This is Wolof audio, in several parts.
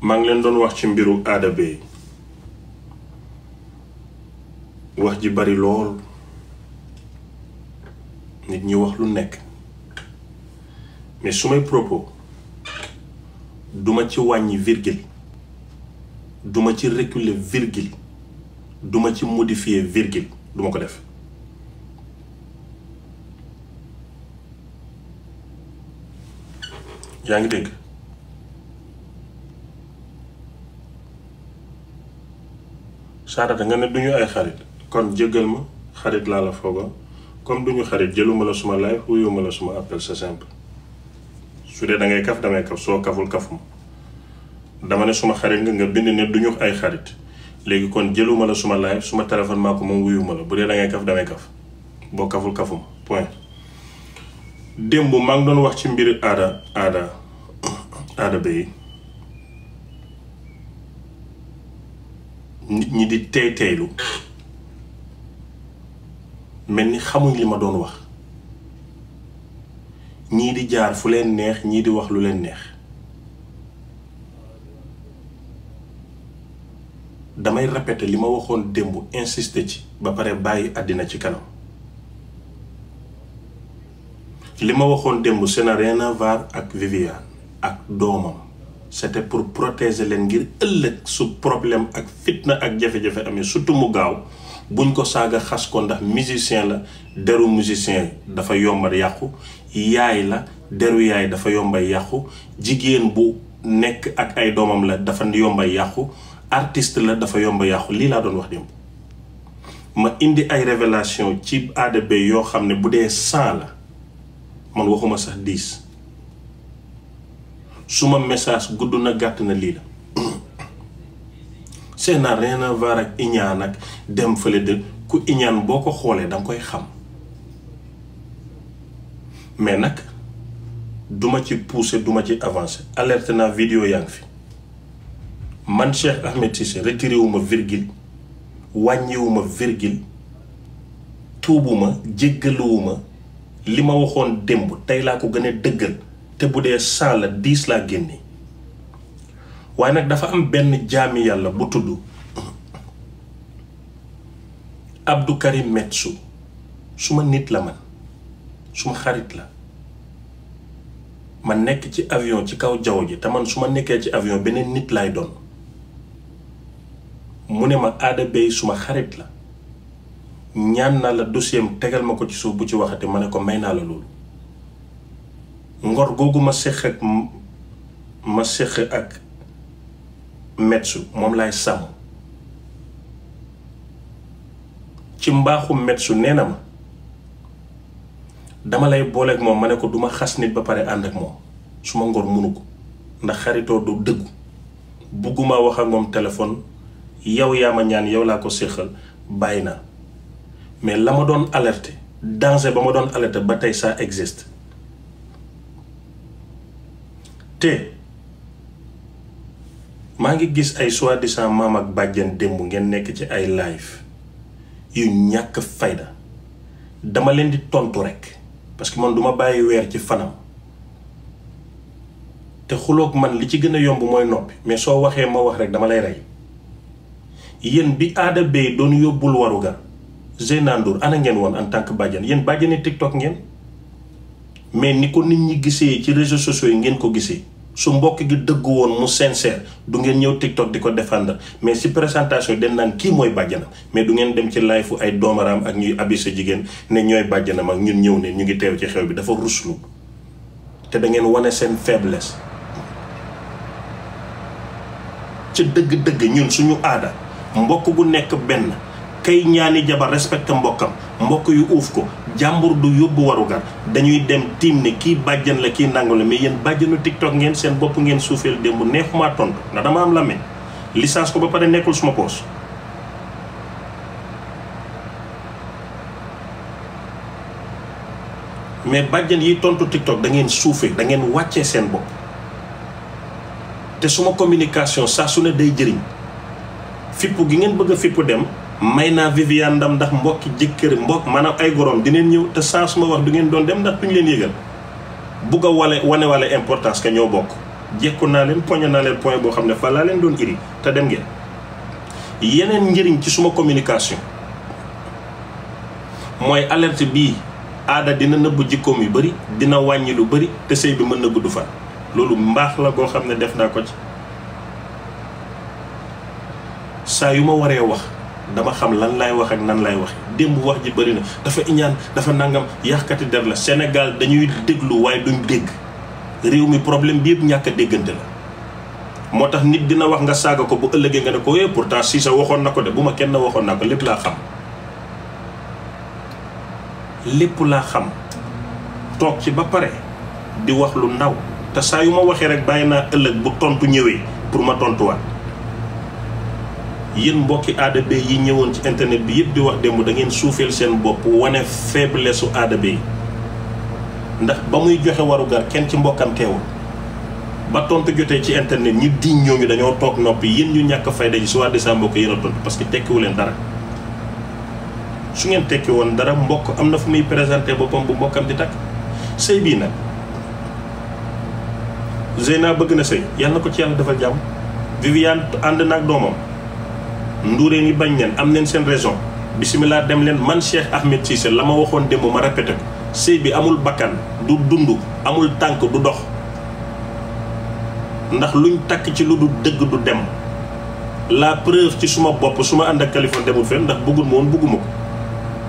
maa ngi leen doon wax ci mbiru aada bey wax ji bari lool nit ñi wax lu nekk mais su may propos duma ci wàññi virgule duma ci reculer virgule duma ci modifie virgule duma ko def yaa ngi dégg saarata nga ne duñu ay xarit kon jéggal ma xarit laa la foogoon comme duñu xarit jëluma la suma live wuyuma la suma appel c'est simple su dee da ngay kaf damay kaf soo kaful kafuma dama ne suma xarit nga nga bind ne duñu ay xarit léegi kon jëluma la suma live suma téléphone maa ko moom wuyuma la bu dee da ngay kaf damay kaf boo kaful kafuma point démb maa ngi doon wax ci mbir aada aada aada ba nit ñi di tey teylu mel ni xamuñ li ma doon wax ñii di jaar fu leen neex ñii di wax lu leen neex damay répéter li ma waxoon démb insisté ci ba pare bàyyi àddina ci kanam li ma waxoon démb ça n'a ak Viviane ak doomam c'était pour protéger leen ngir ëllëg su problème ak fitna ak jafe-jafe amee surtout mu gaaw buñ ko saaga xas ko ndax musicien la deru musicien dafa yomba yàqu yaay la deru yaay dafa yomba yàqu jigéen bu nekk ak ay doomam la dafa yomba yàqu artiste la dafa yomba yàqu lii laa doon wax démb ma indi ay révélation ci aada yoo xam ne bu dee cent la man waxuma sax dix suma message gudd na gàtt na lii la c'est na rien à voir ak iñaan ak dem fële de ku iñaan boo ko xoolee danga koy xam mais nag duma ci pousser duma ci avancer alerte naa vidéo yaa ngi fi man Cheikh Ahmed Cissé retiré wu ma virgule wàññiwuma virgule tuubuma jéggaluwuma li ma waxoon démb tey laa ko gën a dëggal te bu dee cent diis laa génne waaye nag dafa am benn jaami yàlla bu tudd Abdou Karim Metsu suma nit la man suma xarit la ma nekk ci avion ci kaw jaww ji te man su ma nekkee ci avion beneen nit laay doon mu ne ma aada bay suma xarit la ñaan naa la dossier tegal ma ko ci suuf bu ci waxate ma ne ko may naa la loolu ngor googu ma séq ak ma séq ak metsu moom laay sàmm ci mbaaxu metsu nee na ma dama lay booleeg moom ma ne ko duma xas nit ba pare ànd ak moom su ma ngor munu ko ndax xaritoo du dëggu bugguma wax ak moom téléphone yow yaa ma ñaan yow laa ko séqal bàyyi naa mais la ma doon alerte danger ba ma doon alerté ba tey ça exist te maa ngi gis ay soi-disant maam ak bàjjen démb ngeen nekk ci ay live yu ñàkk fayda dama leen di tontu rek parce que man duma bàyyi weer ci fanam te xuloog man li ci gën a yomb mooy noppi mais soo waxee ma wax rek dama lay rey yéen bi aada bay doon yóbbul warugar Zeyna Ndour ana ngeen woon en tant que bàjjen yéen bàjjeni TikTok ngeen mais ni ko nit ñi gisee ci réseau sociaux yi ngeen ko gisee su mbokk gi dëgg woon mu sincère du ngeen ñëw TikTok di ko défendre mais si présentation yi den naan kii mooy bàjjanam mais du ngeen dem ci live fu ay doomaraam ak ñuy abise jigéen ne ñooy bàjjanam ak ñun ñëw ne ñu ngi teew ci xew bi dafa ruslu te da ngeen wane seen faiblesse ci dëgg-dëgg ñun suñu aada mbokk bu nekk benn kay ñaani jabar respecte mbokkam mbokk yu uuf ko jàmbur du yóbbu warugar dañuy dem tiim ne kii bàjjan la kii nangu la mais yéen bàjjanu tiktok ngeen seen bopp ngeen suufeel démb neexumaa tontu ndax dama am làmmiñ licence ko ba pare nekkul suma poos mais bàjjan yi tontu tiktok dangeen ngeen suufee da ngeen wàccee seen bopp te suma communication sax su ne day jëriñ fippu gi ngeen bëgg a fippu dem may naa Viviane ndam ndax mbokki jëkkër mbokk maanaam ay gorom dineen ñëw te saa suma wax du ngeen doon dem ndax duñu leen yëgal bugg a wale wane wale importance que ñoo bokk jekku naa leen poño naa leen point boo xam ne fa laa leen doon iri te dem ngeen yeneen njëriñ ci suma communication mooy alerte bii aada dina nëbb jikkoom yu bari dina wàññi lu bëri te sëy bi mën na gudd fa loolu mbaax la goo xam ne def naa ko ci saa yu ma waree wax dama xam lan lay wax ak nan lay wax démb wax ji bëri na dafa iñaan dafa nangam yàqkati dem la Sénégal dañuy déglu waaye duñ dégg réew mi problème bi yëpp ñàkk a déggante la moo tax nit dina wax nga saaga ko bu ëllëgee nga ne ko eh pourtant si sa waxoon na ko de bu ma kenn waxoon naa ko lépp laa xam lépp laa xam toog ci ba pare di wax lu ndaw te saa yu ma waxee rek bàyyi naa ëllëg bu tontu ñëwee pour ma tontuwaat yéen mbokki aada be yi ñëwoon ci internet bi yëpp di wax démb da ngeen suufeel seen bopp wane faiblesse su aada be ndax ba muy joxe warugar kenn ci mbokkam teewul ba tontu jotee ci internet ñi ñoo ñooñu dañoo toog noppi yéen ñu ñàkk fayda ji soit de sa mbokk yéen tontu parce que tekkiwu leen dara su ngeen tekki woon dara mbokk am na fu muy présenté boppam bu mbokkam di takk sëy bii nag Zeyna bëgg na sëy yàlla na ko ci yàlla defal jàmm Viviane ànd na ak doomam. nduureen yi bañ leen am leen seen raison bisimilah dem leen man Cheikh Ahmed Cissé la ma waxoon démb ma répété ko sëy bi amul bakkan du dund amul tànk du dox ndax luñ takk ci lu du dëgg du dem la preuve ci suma bopp su ma ànd ak Kaliphone demul fenn ndax bëggul ma woon bëgguma ko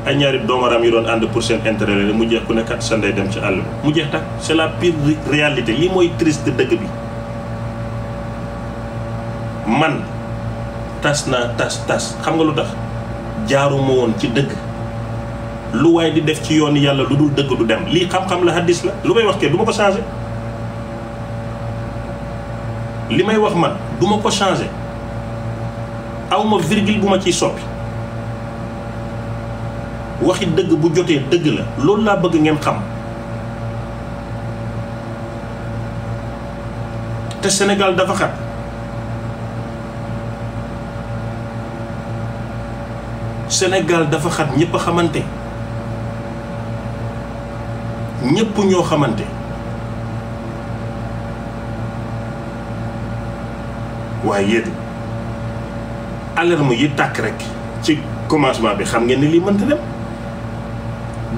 ay ñaari doomaram yi doon ànd pour seen intérêt la mu jeex ku ne kat sa ndey dem ci àll bi mu jeex tak c'est la pire réalité lii mooy triste dëgg bi man tas naa tas tas xam nga lu tax jaaruma woon ci dëgg lu waay di def ci yoon yàlla lu dul dëgg du dem lii xam-xam la hadis la lu may wax kee du ma ko changé li may wax man du ma ko changé awma virgule bu ma ciy soppi waxit dëgg bu jotee dëgg la loolu laa bëgg ngeen xam te senegal dafa xat Sénégal dafa xat ñëpp a xamante ñëpp ñoo xamante waaye yéen alarme yi takk rek ci commencement bi xam ngeen ni lii mënta dem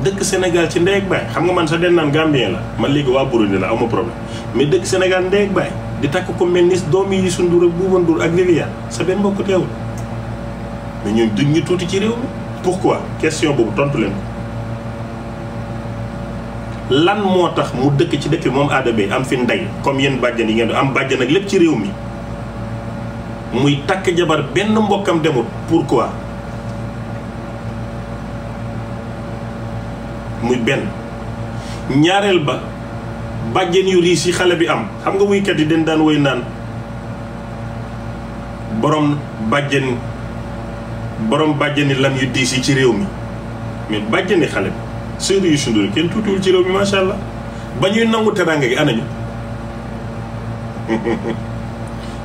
dëkk Sénégal ci ndey ak baay xam nga man sa den naan Gambien la man léegi waa Burundi la amoo problème mais dëkk Sénégal ndey ak baay di takk ko mel ni doomi yi sundur ak buubandur ak Viviane sa benn mbokk teewul mais duñ tuuti ci réew mi quoi question boobu tontu leen ko lan moo tax mu dëkk ci dëkk bi moom aada bi am fi ndey comme yéen bàjjan yi ngeen di am bàjjan ak lépp ci réew mi muy takk jabar benn mbokkam pour pourquoi muy benn ñaareel ba bàjjen yu riis yi xale bi am xam nga wuykat yi dañ daan woy naan boroom bàjjen borom bàjjani lam yu diis yi ci réew mi mais bàjjani xale bi sëriñ Youssou Ndour kenn tuutiwul ci réew mi macha allah ba ñuy nangu teranga gi anañu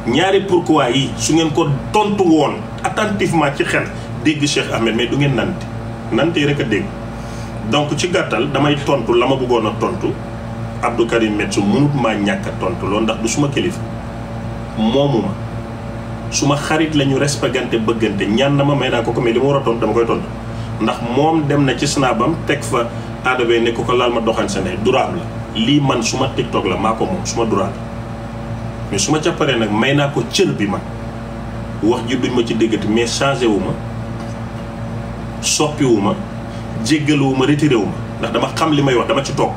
ñaari pourquoi yi su ngeen ko tontu woon attentivement ci xel dégg Cheikh Ahmed mais du ngeen nante nante yi rek a dégg donc ci gàttal damay tontu la ma bëggoon a tontu Abdou Karim Metsu mënut maa ñàkk a tontu loolu ndax du suma kilifa moomu ma suma xarit la ñu respectante bëggante ñaan na ma may naa ko ko mais li ma war a tontu dama koy tontu ndax moom dem na ci snabam teg fa aada bee ne ko ko laal ma doxaan sa ne durable la lii man suma tiktok la maa ko moom suma durable mais su ma ca paree nag may naa ko cër bi ma wax ji duñ ma ci déggati mais changé wu ma soppi wu ma jéggalu ma retiré wu ma ndax dama xam li may wax dama ci toog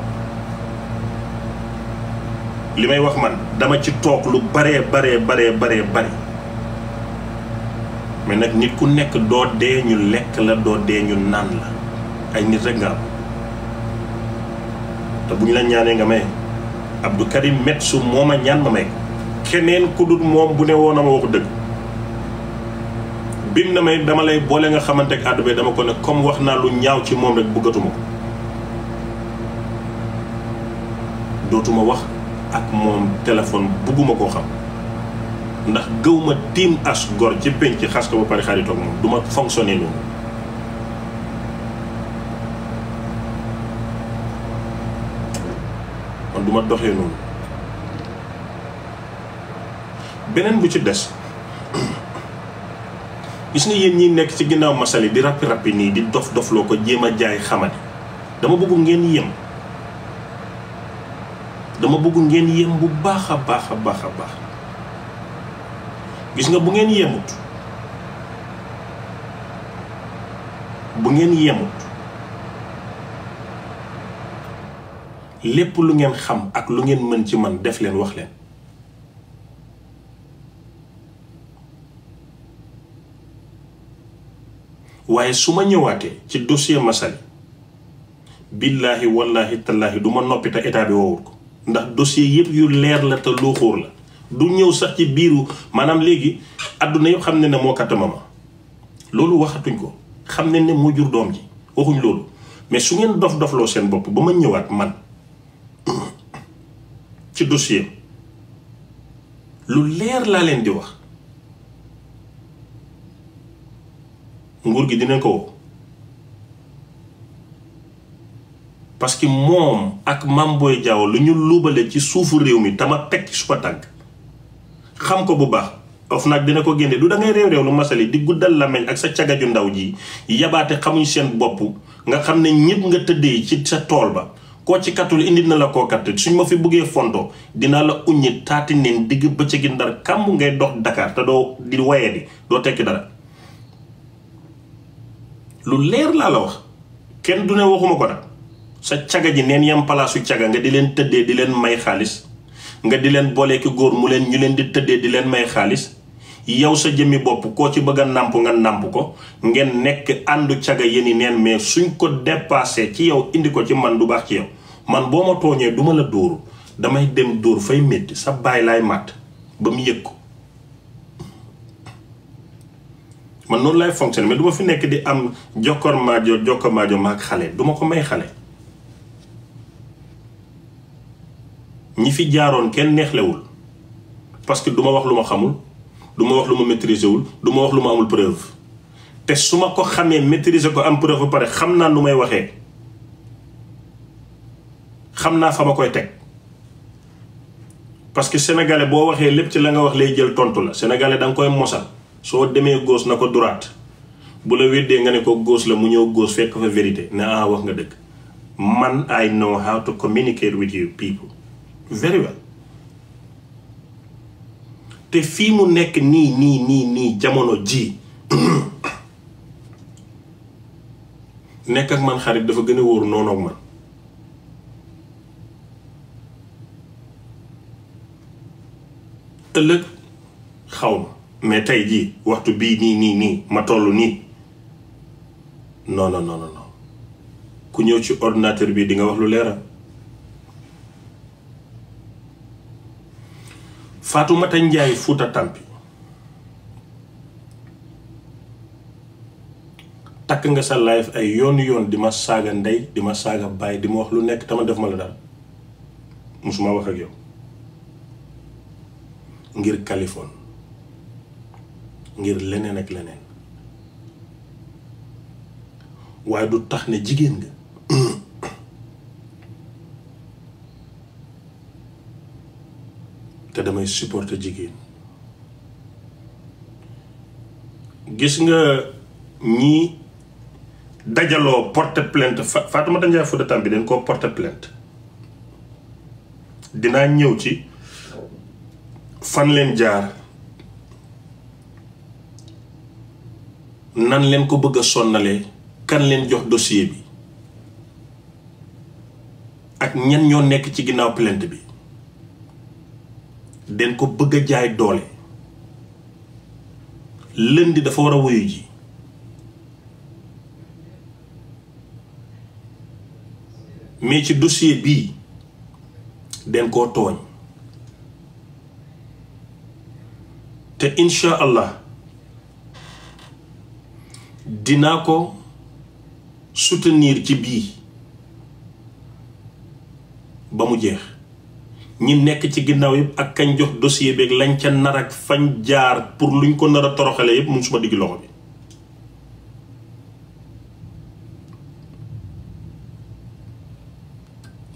li may wax man dama ci toog lu baree baree baree baree bare mais nag nit ku nekk doo dee ñu lekk la doo dee ñu naan la ay nit rek nga am te bu ñu la ñaanee nga may Abdou Karim Metsu moo ma ñaan ma may keneen ku moom bu ne woon na ma wax dëgg bim may dama lay boole nga xamante ak àddu be dama ko ne comme wax naa lu ñaaw ci moom rek bëggatuma ko dootuma wax ak moom téléphone bëgguma koo xam ndax gëw ma tiim as gor ci penc xas ko ba pare xaritoog moom du ma fonctionner noonu kon du ma noonu beneen bu ci des gis nga yéen ñi nekk ci ginnaaw masali di rappi rappi nii di dof dofloo ko jéem a jaay xamadi dama bëgg ngeen yem dama bëgg ngeen yem bu baax a baax a baax a baax gis nga bu ngeen yemut bu ngeen yemut lépp lu ngeen xam ak lu ngeen mën ci man def leen wax leen waaye su ma ñëwaatee ci dossier Massaly billaahi wallaahi tallaahi du ma noppi te état bi woowul ko ndax dossier yëpp yu leer la te loo la du ñëw sax ci biiru maanaam léegi àdduna yëpp xam ne ne moo kattama ma loolu waxatuñ ko xam ne ne mu jur doom ji waxuñ loolu mais su ngeen dof dofloo seen bopp ba ma ñëwaat man ci dossier lu leer laa leen di wax nguur gi dinañ ko parce que moom ak Mame Boye Diao lu ñu luubale ci suufu réew mi tama teg ci suba tànk xam ko bu baax of nag dina ko génne du dangay ngay réew lu lu masali di guddal lameñ ak sa cagaju ndaw ji yabaate xamuñ seen bopp nga xam ne ñëpp nga tëddee ci sa tool ba koo ci katul indi na la koo kat suñ ma fi buggee fonto dinaa la uññi taati neen digg bëccëgi ndar kàmm ngay dox Dakar te doo di wayee di doo tekki dara lu leer laa la wax kenn du ne waxuma ko nag sa caga ji neen yam palaasu caga nga di leen tëddee di leen may xaalis nga di leen boolee góor mu leen ñu leen di tëddee di leen may xaalis yow sa jëmmi bopp koo ci bëgg a nàmp nga nàmp ko ngeen nekk àndu caga yéni neen mais suñ ko dépassé ci yow indi ko ci man du baax ci yow man boo ma tooñee duma la dóoru damay dem dóor fay métti sa baay laay màtt ba mu yëg ko man noonu lay fonctionné mais du ma fi nekk di am jokkoor maajo jokkoor maajo maag xale duma ko may xale ñi fi jaaroon kenn neexlewul parce que du ma wax lu ma xamul du ma wax lu ma maîtriser wul du ma wax lu ma amul preuve te su ma ko xamee maîtriser ko am preuve ba pare xam naa lu may waxee xam naa fa ma koy teg parce que sénégalais boo waxee lépp ci la nga wax lay jël tontu la sénégalais danga nga koy mosal soo demee góos na ko duraat bu la weddee nga ne ko góos la mu ñëw góos fekk fa vérité ne ah wax nga dëkk man I know how to communicate with you people very well te fii mu nekk nii nii nii nii jamono jii nekk ak man xarit dafa gën a wóor noonu ak man ëllëg xaw ma mais tey jii waxtu bii nii nii nii ma toll nii non non non non ku ñëw ci ordinateur bi di nga wax lu leera Fatoumata Ndiaye Fouta tàmpi takk nga sa live ay yoon yoon di ma saaga ndey di ma saaga baay di ma wax lu nekk tama def ma la daal musuma wax ak yow ngir Kaliphone ngir leneen ak leneen waaye du tax ne jigéen nga te damay supporter jigéen gis nga ñi dajaloo porte plainte Fatoumata Ndiaye Fouta Tampi dañ koo porte plainte dinaa ñëw ci fan leen jaar nan leen ko bëgg a sonnalee kan leen jox dossier bi ak ñan ñoo nekk ci ginnaaw plainte bi den ko bëgg jaay doole lundi dafa war a wuyu ji mais ci dossier bii den koo tooñ te incha allah dinaa ko soutenir ci bii ba mu jeex ñi nekk ci ginnaaw yëpp ak kañ jox dossier beeg lañ ca nar ak fañ jaar pour luñ ko nar a toroxale yëpp mun suma digg loxo bi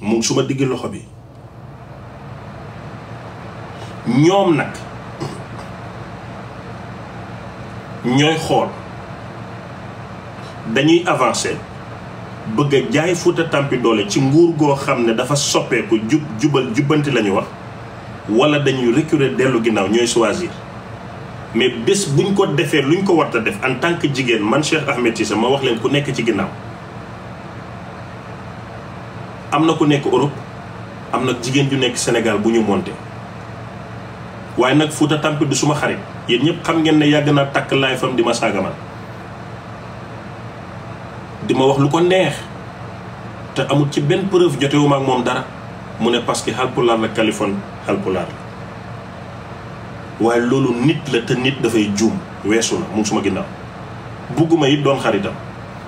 mun suma digg loxo bi ñoom nag ñooy xool dañuy avancer bëgg jaay Fuuta Tampi doole ci nguur goo xam ne dafa soppeeku jub jubal jubbanti la ñu wax wala dañuy reculer dellu ginnaaw ñooy choisir mais bés buñ ko defee lu luñ ko war def en tant que jigéen man Cheikh Ahmed Cissé ma wax ku nekk ci ginnaaw am na ku nekk Europe am na jigéen ju nekk Sénégal bu ñu monté waaye nag Fuuta Tampi du suma xarit yéen ñëpp xam ngeen ne yàgg naa takk laay fam di ma man di ma wax lu ko neex te amul ci benn preuve jotewuma ak moom dara mu ne parce que Haalpulaar la Kaliphone Haalpulaar la waaye loolu nit la te nit dafay juum weesu na mu ngi suma ginnaaw bugguma it doon xaritam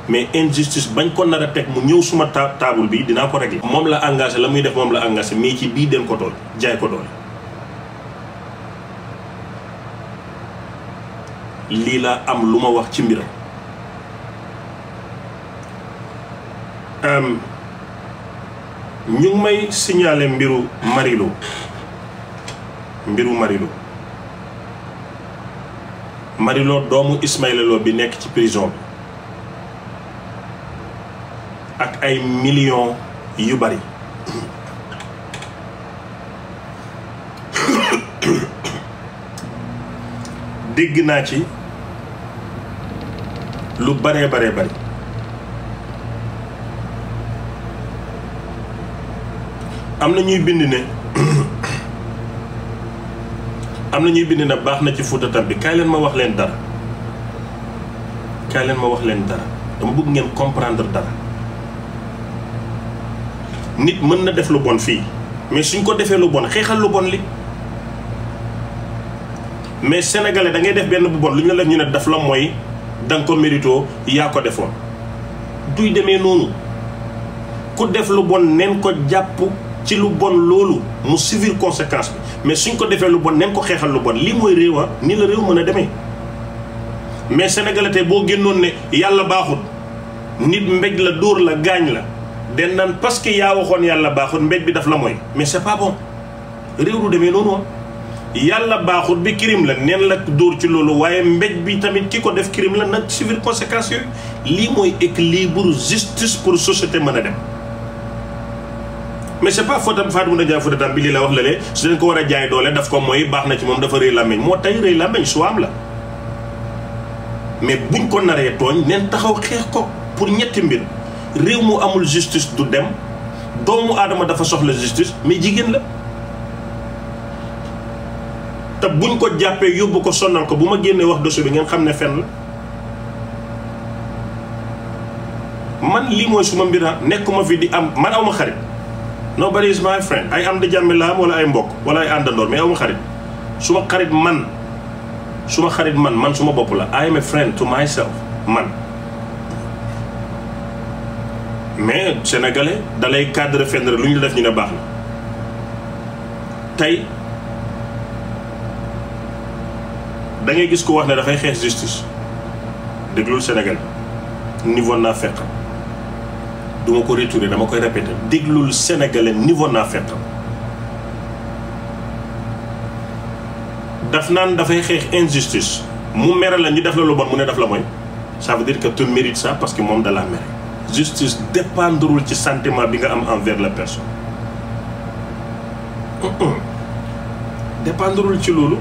mais injustice bañ ko nar a teg mu ñëw suma ta taabul bi dinaa ko régler moom la engagé la muy def moom la engagé mais ci bii den ko dool jaay ko doole lii laa am lu ma wax ci mbiram Ehm, ñu ngi may signaler mbiru Marilo mbiru Marilo Marilo doomu Ismaïla bi nekk ci prison bi ak ay millions yu bari dégg naa ci lu baree baree bari am na ñuy bind ne am na ñuy bind ne baax na ci Fuuta bi kaay leen ma wax leen dara kaay leen ma wax leen dara dama bëgg ngeen comprendre dara nit mën na def lu bon fii mais suñ ko defee lu bon xeexal lu bon li mais sénégalais da ngay def benn bu bon lu ñu la ñu ne daf la mooy da nga ko mérito yaa ko defoon duy demee noonu ku def lu bon neen ko jàpp ci lu bon loolu mu subir conséquence bi mais suñ ko defee lu bon nañ ko xeexal lu bon lii mooy réew ah nii la réew mën a demee mais sénégalais boo génnoon ne yàlla baaxut nit mbéj la dóor la gaañ la den naan parce que yaa waxoon yàlla baaxut mbéj bi daf la mooy mais c'est pas bon réew du demee noonu ah yàlla baaxut bi crime la neen la dóor ci loolu waaye mbéj bi tamit ki ko def crime la nag subir conséquence yooyu lii mooy équilibre justice pour société mën a dem mais c'est pas footam Fatoumata Dia Fouta Tampi lii la wax lale su leen ko war a jaay doole daf ko mooy baax na ci moom dafa rëy làmmiñ moo tey rëy làmmiñ su buñ ko naree tooñ neen taxaw xeex ko pour ñetti mbir réew amul justice du dem doomu aadama dafa soxla mais jigéen la te buñ ko jàppee yóbbu ko sonal ko bu ma génnee wax dossier bi ngeen xam ne fen la man lii mooy suma mbir nekkuma fi di am man awma xarit nobody is my friend ay am di jàmmi laa am wala ay mbokk wala ay àndandoor mais am ma xarit su ma xarit man su xarit man man su ma bopp la I am a friend to myself man mais sénégalais dalay cadre fendre lu ñu def ñu ne baax na tey dangay gis ku wax ne dafay xeex justice déglul Sénégal niveau naa fekk duma ma ko retourner dama koy répéter déglul sénégalais niveau naa fekk daf naan dafay xeex injustice mu mere la ñu def la lu bon mu ne daf la mooy ça veut dire que tu mérites ça parce que moom da la mere justice dépendrul ci sentiment bi nga am envers la personne dépendrul ci loolu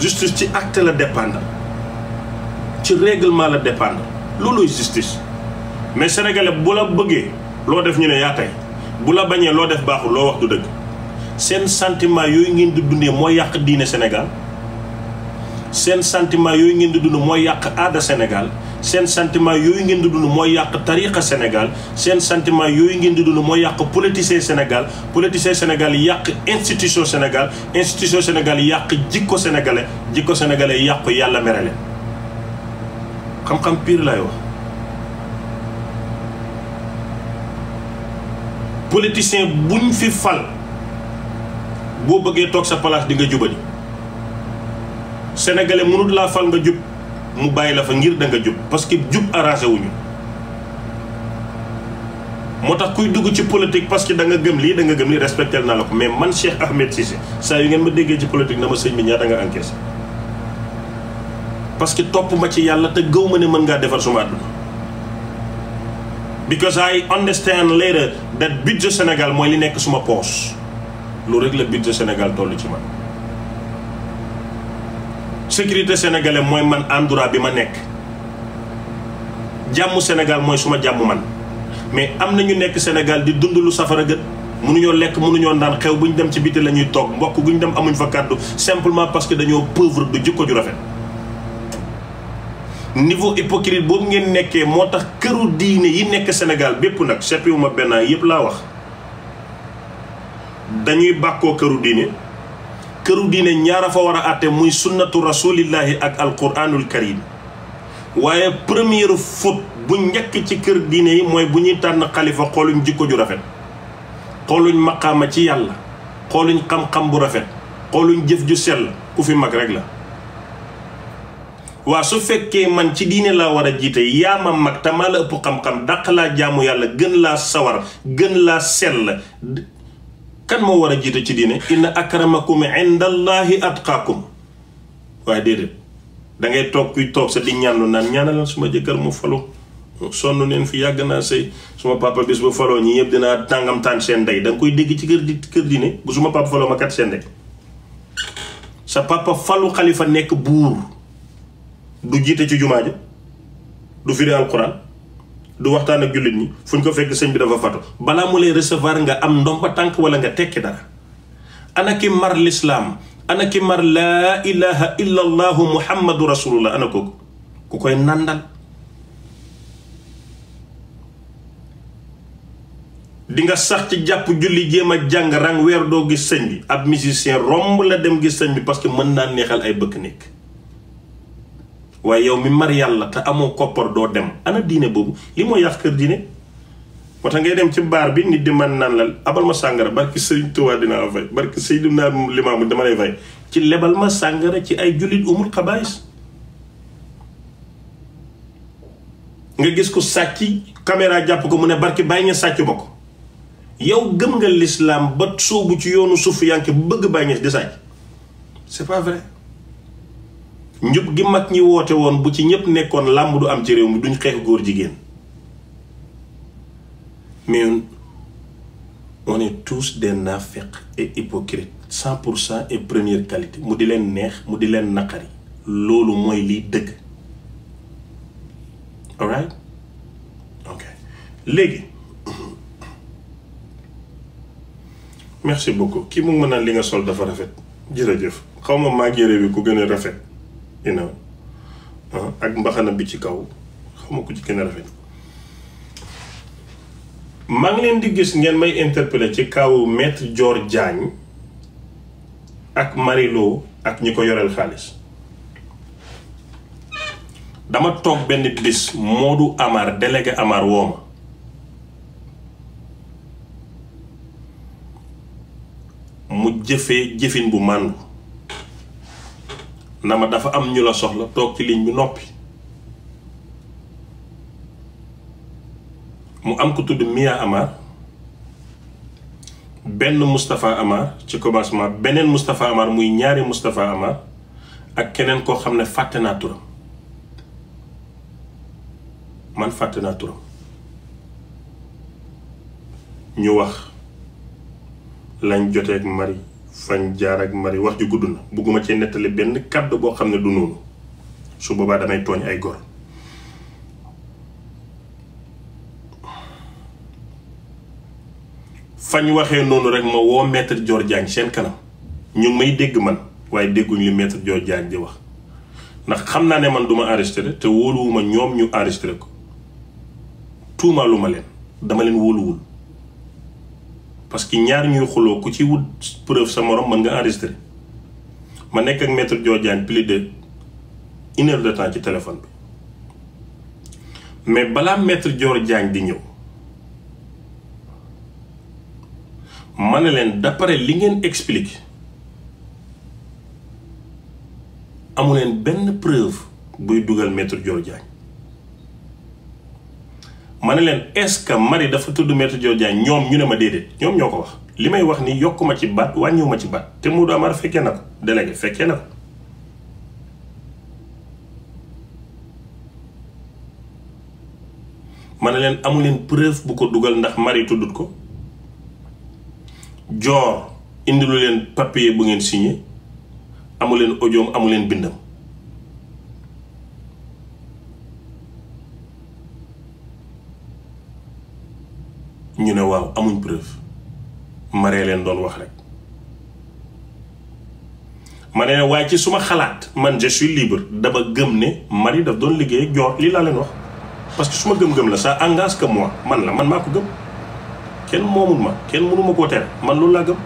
justice ci acte la dépendre ci règlement la dépendre looluy justice mais sénégalais bu la bëggee loo def ñu ne yaa tey bu la bañee loo def baaxul loo wax du dëgg seen sentiment yooyu ngeen di dundee mooy yàq diine senegal seen sentiment yooyu ngeen di dund mooy yàq aada senegal seen sentiment yooyu ngeen di dund mooy yàq tariqa senegal seen sentiment yooyu ngeen di dund mooy yàq politicien Sénégal politicien Sénégal yàq institution Sénégal institution Sénégal yàq jikko sénégalais jikko sénégalais yàq yàlla merale xam-xam pire lay wax politicien buñ fi fal boo bëggee toog sa place di nga jubali sénégalais mënut laa fal nga jub mu bàyyi la fa ngir danga jub parce que jub arrangé wuñu moo tax kuy dugg ci politique parce que da nga gëm lii da nga gëm lii respecté naa la ko mais man Cheikh Ahmed Cissé saa yu ngeen ma déggee ci politique na ma sëñ bi ñaata nga encaissé parce que topp ma ci yàlla te gëw ma ne mën ngaa defal suma àdduna because I understand later that budget Sénégal mooy li nekk suma poos loolu rek la budget Sénégal toll ci man sécurité sénégalais mooy man endroit bi ma nekk jàmm Sénégal mooy suma jàmm man mais am na ñu nekk Sénégal di dund lu safara gën mënuñoo lekk mënuñoo naan xew bu ñu dem ci biti la ñuy toog mbokk gu ñu dem amuñ fa kàddu simplement parce que dañoo pauvre du jikko ju rafet niveau hypocrite boobu ngeen nekkee moo tax këru diine yi nekk senegal bépp nag seppiwuma benn yépp laa wax dañuy bàkkoo këru diine këru diine ñaara fa war a àtte muy sunnatu rasulillahi ak alquranul karim waaye première faute bu njëkk ci kër diine yi mooy bu ñuy tànn xalifa xooluñ jikko ju rafet xooluñ maqaama ci yàlla xooluñ xam-xam bu rafet xooluñ jëf ju sell ku fi mag rek la waa su fekkee man ci diine laa war a jiite yaa ma mag te la ëpp xam-xam dàq laa jaamu yàlla gën laa sawar gën laa sell kan moo war a jiite ci diine inna akramakum indallahi atqaakum waaye déedéet dangay toog kuy toog sa di ñaanu naan ñaanalal suma jëkkër mu falu sonn neen fi yàgg naa sëy suma papa bis bu faloo ñi yëpp dinaa tàngam seen ndey danga koy dégg ci kër di kër diine bu suma papa faloo ma kat seen ndey sa papa falu xalifa nekk buur du jiite ci jumaa ji du firi alquran du waxtaan ak jullit ñi fu ñu ko fekk sëñ bi dafa fatu balaa mu lay recevoir nga am ndomba tànk wala nga tekki dara ana mar lislaam ana ki mar laa ilaha illa allahu muhammadu rasulullah ana ku koy nandal di nga sax ci jàpp julli jéem a jàng rang weer doo gis sëñ bi ab musicien romb la dem gis sëñ bi parce que mën naa neexal ay bëkk nekk waaye yow mi mar yàlla te amoo koppar doo dem ana diine boobu li moo yàq kër diine moo ngay dem ci baar bi nit di man naan la abal ma sàngara barki sëriñ Tuubaa dinaa la fay barki Seydina Limaamu dama lay fay ci lebal ma sàngara ci ay jullit umul xabaayis nga gis ko sàcc kamera jàpp ko mu ne barki bàyyi ña sàcc ba ko yow gëm nga lislaam ba sóobu ci yoonu suuf yanke bëgg bàyyi ña di sàcc njub gi mag ñi woote woon bu ci ñépp nekkoon làmb du am ci réew mi duñ xeex góor jigéen mais on est tous des naafeq et hypocrite cent pour cent et première qualité mu di leen neex mu di leen naqari loolu mooy liy dëkk alright ok léegi merci beaucoup kii mu mën a li nga sol dafa rafet jërëjëf xaw ma maa ngi yére bi ku gën a rafet ina uh, ak mbaxana bi ci kaw xamu ko ci gën a rafet maa ngi leen di gis ngeen may interpeller ci kaw maître Dior Diagne ak Marilo ak ñi ko yoreel xaalis dama toog benn bis Modou Amar délégué Amar wooma mu jëfee jëfin bu màndu na ma dafa am ñu la soxla toog ci ligne mu noppi mu am ku tudd Mia Amar benn Moustapha Amar ci commencement beneen Moustapha Amar muy ñaari Moustapha Amar ak keneen koo xam ne fàtte naa turam man fàtte naa turam ñu wax lañ joteeg Marie fañ jaar ak mari wax ji gudd na bugguma ci nettali benn kàddu boo xam ne du noonu su boobaa damay tooñ ay gor fañ waxee noonu rek ma woo maître joor Diagne seen kanam ñu may dégg man waaye dégguñu li maître Dior Diagne di wax ndax xam naa ne man duma ma enregistré te wóoluwuma ñoom ñu enregistré ko tuumaaluma leen dama leen wóoluwul parce que ñaar ñuy xuloo ku ci wut preuve sa moroom mën nga enregistré ma nekk ak maître Diodiane plus de une heure de temps ci téléphone bi mais balaa joor Diodiane di ñëw ma ne leen d'après li ngeen explique amu leen benn preuve buy dugal joor Diodiane ma ne leen est-ce que Marie dafa tudd Maître Diop ñoom ñu ne ma déedéet ñoom ñoo ko wax li may wax ni yokku ma ci baat wàññiwu ma ci baat te Moudou Amar fekkee na ko délégué fekkee na ko ma ne leen amu leen preuve bu ko dugal ndax Marie tuddut ko joor indilu leen papier bu ngeen signé amu leen audio amu leen bindam ñu ne waaw amuñ preuve maree leen doon wax rek ma ne waaye ci suma xalaat man je suis libre dama gëm ne mari daf doon liggéey ak joor lii laa leen wax parce que suma gëm-gëm la ça engage que moi man la man maa ko gëm kenn moomul ma kenn mënu ma koo tere man loolu laa gëm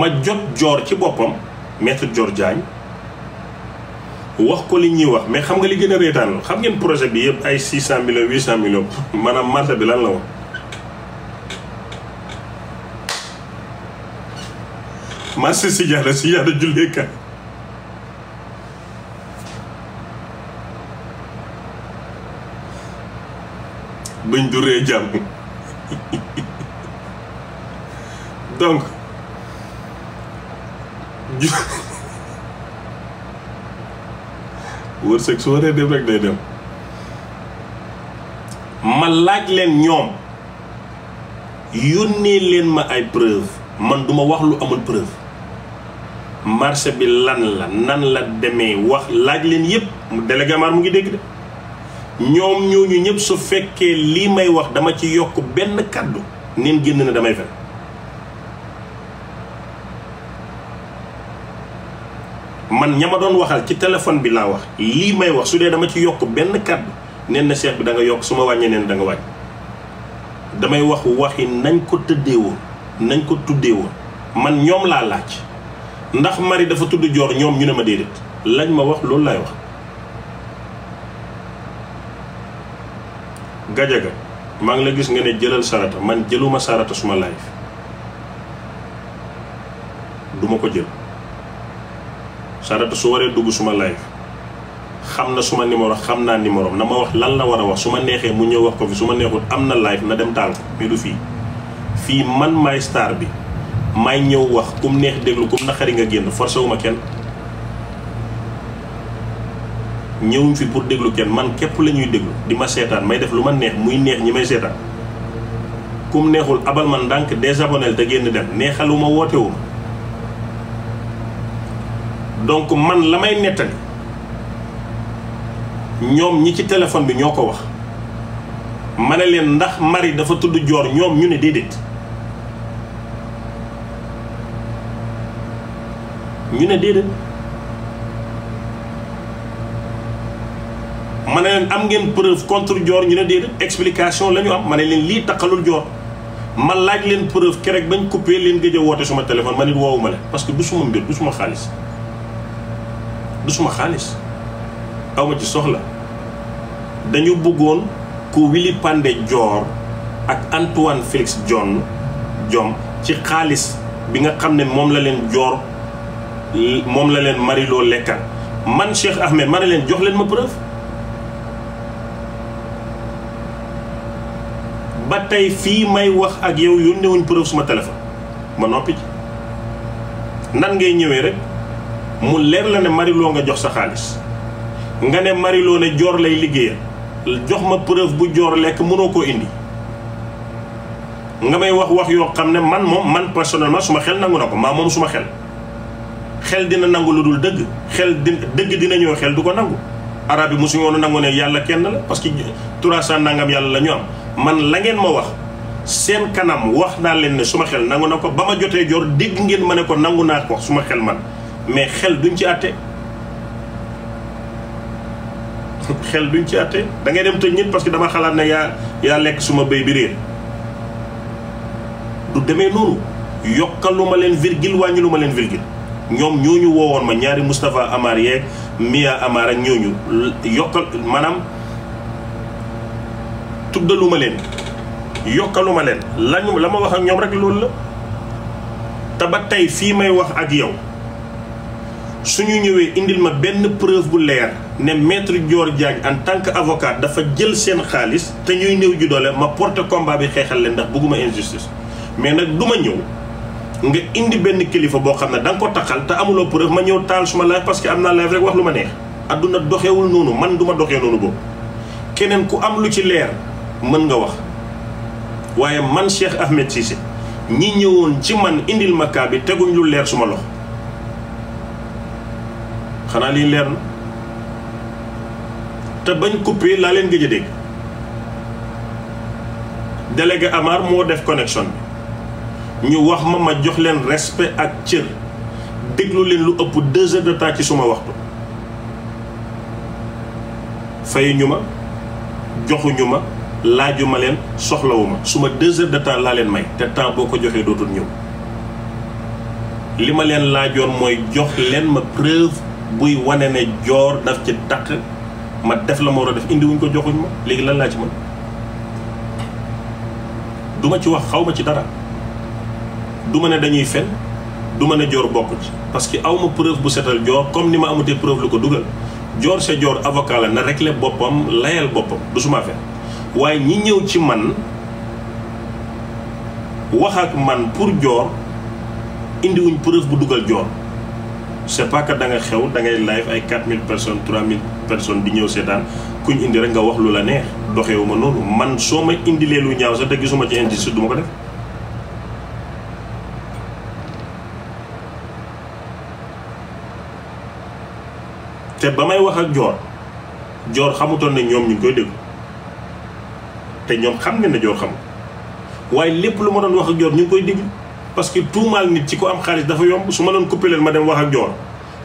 ma jot joor ci boppam maître Dior Diagne wax ko li ñuy wax mais xam nga li gën a reetaan xam ngeen projet bi yëpp ay 600 millions 800 millions maanaam marché bi lan la woon. marché si jaada si jaada julleekaay buñ duree jàmm donc. wërsëg soo dee dem rek day dem ma laaj leen ñoom yónnee leen ma ay preuve man duma wax lu amul preuve marché bi lan la nan la demee wax laaj leen yépp mu délégué mu ngi dégg de ñoom ñooñu ñëpp su fekkee lii may wax dama ci yokk benn kàddu neen génn na damay fen man ma doon waxal ci téléphone bi laa wax lii may wax su dee dama ci yokk benn kàddu nen na cheikh bi da nga yokk su ma wàññee neen da wàññ damay wax waxi nañ ko tëddee woon nañ ko tuddee woon man ñoom laa laaj ndax mari dafa tudd joor ñoom ñu ne ma déedéet lañ ma wax loolu laay wax gajaga maa ngi la gis nga ne jëlal sarata man jëluma sarata suma live duma ko jël Sarata su waree dugg suma live xam na suma numéro xam naa numéro na ma wax lan la war a wax su ma neexee mu ñëw wax ko fi su neexul am na live na dem taal ko mais du fii fii man may star bi maay ñëw wax kum neex déglu kum naqari nga génn forcé wu ma kenn ñëwuñ fi pour déglu kenn man képp la ñuy déglu di ma seetaan may def lu ma neex muy neex ñi may seetaan kum neexul abal man ndànk désabonné te génn dem neexaluma woote wu ma donc man la may nettali ñoom ñi ci téléphone bi ñoo ko wax ma ne leen ndax Marie dafa tudd joor ñoom ñu ne déedéet ñu ne déedéet ma ne leen am ngeen preuve contre joor ñu ne déedéet explication la ñu am ma ne leen lii taqalul joor ma laaj leen preuve keroog bañ coupé leen gëj a woote suma téléphone ma nit woowu ma la parce que du suma mbir du suma xaalis du suma xaalis awma ci soxla dañu bëggoon ku Willy Pandé ak Antoine Félix John Diome ci xaalis bi nga xam ne moom la leen joor moom la leen mariloo lekkan man Cheikh Ahmed mari leen jox leen ma preuve ba tey fii may wax ak yow yu yónnewuñ preuve suma téléphone ma noppi ci nan ngay ñëwee rek mu leer la ne mariloo nga jox sa xaalis nga ne mariloo ne joor lay liggéeyal jox ma preuve bu joor lekk mënoo ko indi nga may wax wax yoo xam ne man moom man personnellement suma xel nangu na ko maa moom suma xel xel dina nangu lu dul dëgg xel di dëgg dina ñëw xel du ko nangu arab yi mosuñu woon a nangu ne yàlla kenn la parce que trois cent nangam yàlla la ñu am man la ngeen ma wax seen kanam wax naa leen ne suma xel nangu na ko ba ma jotee joor dégg ngeen ma ne ko nangu naa ko suma xel man mais xel duñ ci àtte xel duñ ci àtte da ngay dem tëj nit parce que dama xalaat na yaa yaa lekk suma béy bi réer du demee noonu yokkaluma leen virgule wàññiluma leen virgule ñoom ñooñu woowoon ma ñaari Moustapha Amar yeeg Mia Amar ak ñooñu yokkal maanaam tuddaluma leen yokkaluma leen lañu la ma wax ak ñoom rek loolu la te ba tey fii may wax ak yow su ñu ñëwee indil ma benn preuve bu leer ne maître Dior Diagne en tant que avocat dafa jël seen xaalis te ñuy néew ju doole ma porte combat bi xeexal leen ndax bëgguma injustice mais nag du ma ñëw nga indi benn kilifa boo xam ne da nga ko taxal te amuloo preuve ma ñëw taal suma live parce que am na live wax lu ma neex adduna doxewul noonu man duma ma doxee noonu boobu keneen ku am lu ci leer mën nga wax waaye man Cheikh Ahmed Cissé ñi ñëwoon ci man indil ma kaa bi teguñ leer suma loxo xanaa lii leer na te bañ coupé laa leen gëj a dégg délégué Amar moo def connexion bi ñu wax ma ma jox leen respect ak cër déglu leen lu ëpp deux heures de temps ci suma waxtu fayu ñu ma joxuñu ma laaju ma leen soxlawu suma deux heures laa leen may te temps boo ko joxee dootul ñëw li ma leen laajoon mooy jox leen ma preuve buy wane ne joor daf ci takk ma def la ma war a def indiwuñ ko joxuñ ma léegi lan laa ci mën duma ci wax xaw ma ci dara du ma ne dañuy fen du ma ne joor bokk ci parce que aw ma preuve bu setal joor comme ni ma amutee preuve lu ko dugal joor sa joor avocat la na régler boppam layal boppam du suma fen waaye ñi ñëw ci man wax ak man pour joor indiwuñ preuve bu dugal joor c' est pas que da nga xew da ngay live ay 4000 personnes 3000 personnes di ñëw seetaan kuñ indi rek nga wax lu la neex doxewu ma noonu man soo ma indilee lu ñaaw sax te gisuma ci indi du ma ko def. te ba may wax ak joor joor xamutoon ne ñoom ñu ngi koy dégg te ñoom xam ne ne joor xamul waaye lépp lu ma doon wax ak joor ñu ngi koy dégg. parce que tuumaal nit ci ko am xaalis dafa yomb su ma doon coupé ma dem wax ak joor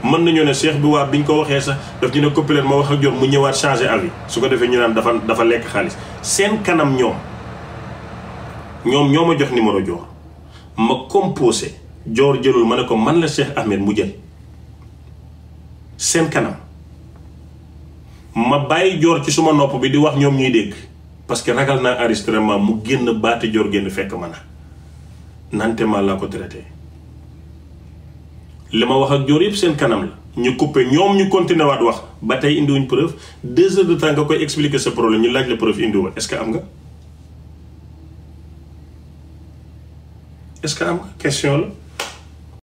mën nañoo ne cheikh bi waa bi ñu ko waxee sax daf ñu ne coupé leen ma wax ak joor mu ñëwaat changé avis su ko defee ñu naan dafa dafa lekk xaalis seen kanam ñoom ñoom ñoo ma jox numéro joor ma composé joor jëlul ma ne ko man la Cheikh Ahmed mu jël seen kanam ma bàyyi joor ci suma nopp bi di wax ñoom ñuy dégg parce que ragal naa enregistrement mu génn baati joor génn fekk ma nantema laa ko traité li ma wax ak joor yëpp seen kanam la ñu coupé ñoom ñu continué waat wax ba tey indiwuñ preuve deux heures de temps nga koy expliquer sa problème ñu laaj la preuve indiwuma est-ce am nga est-ce que am nga question la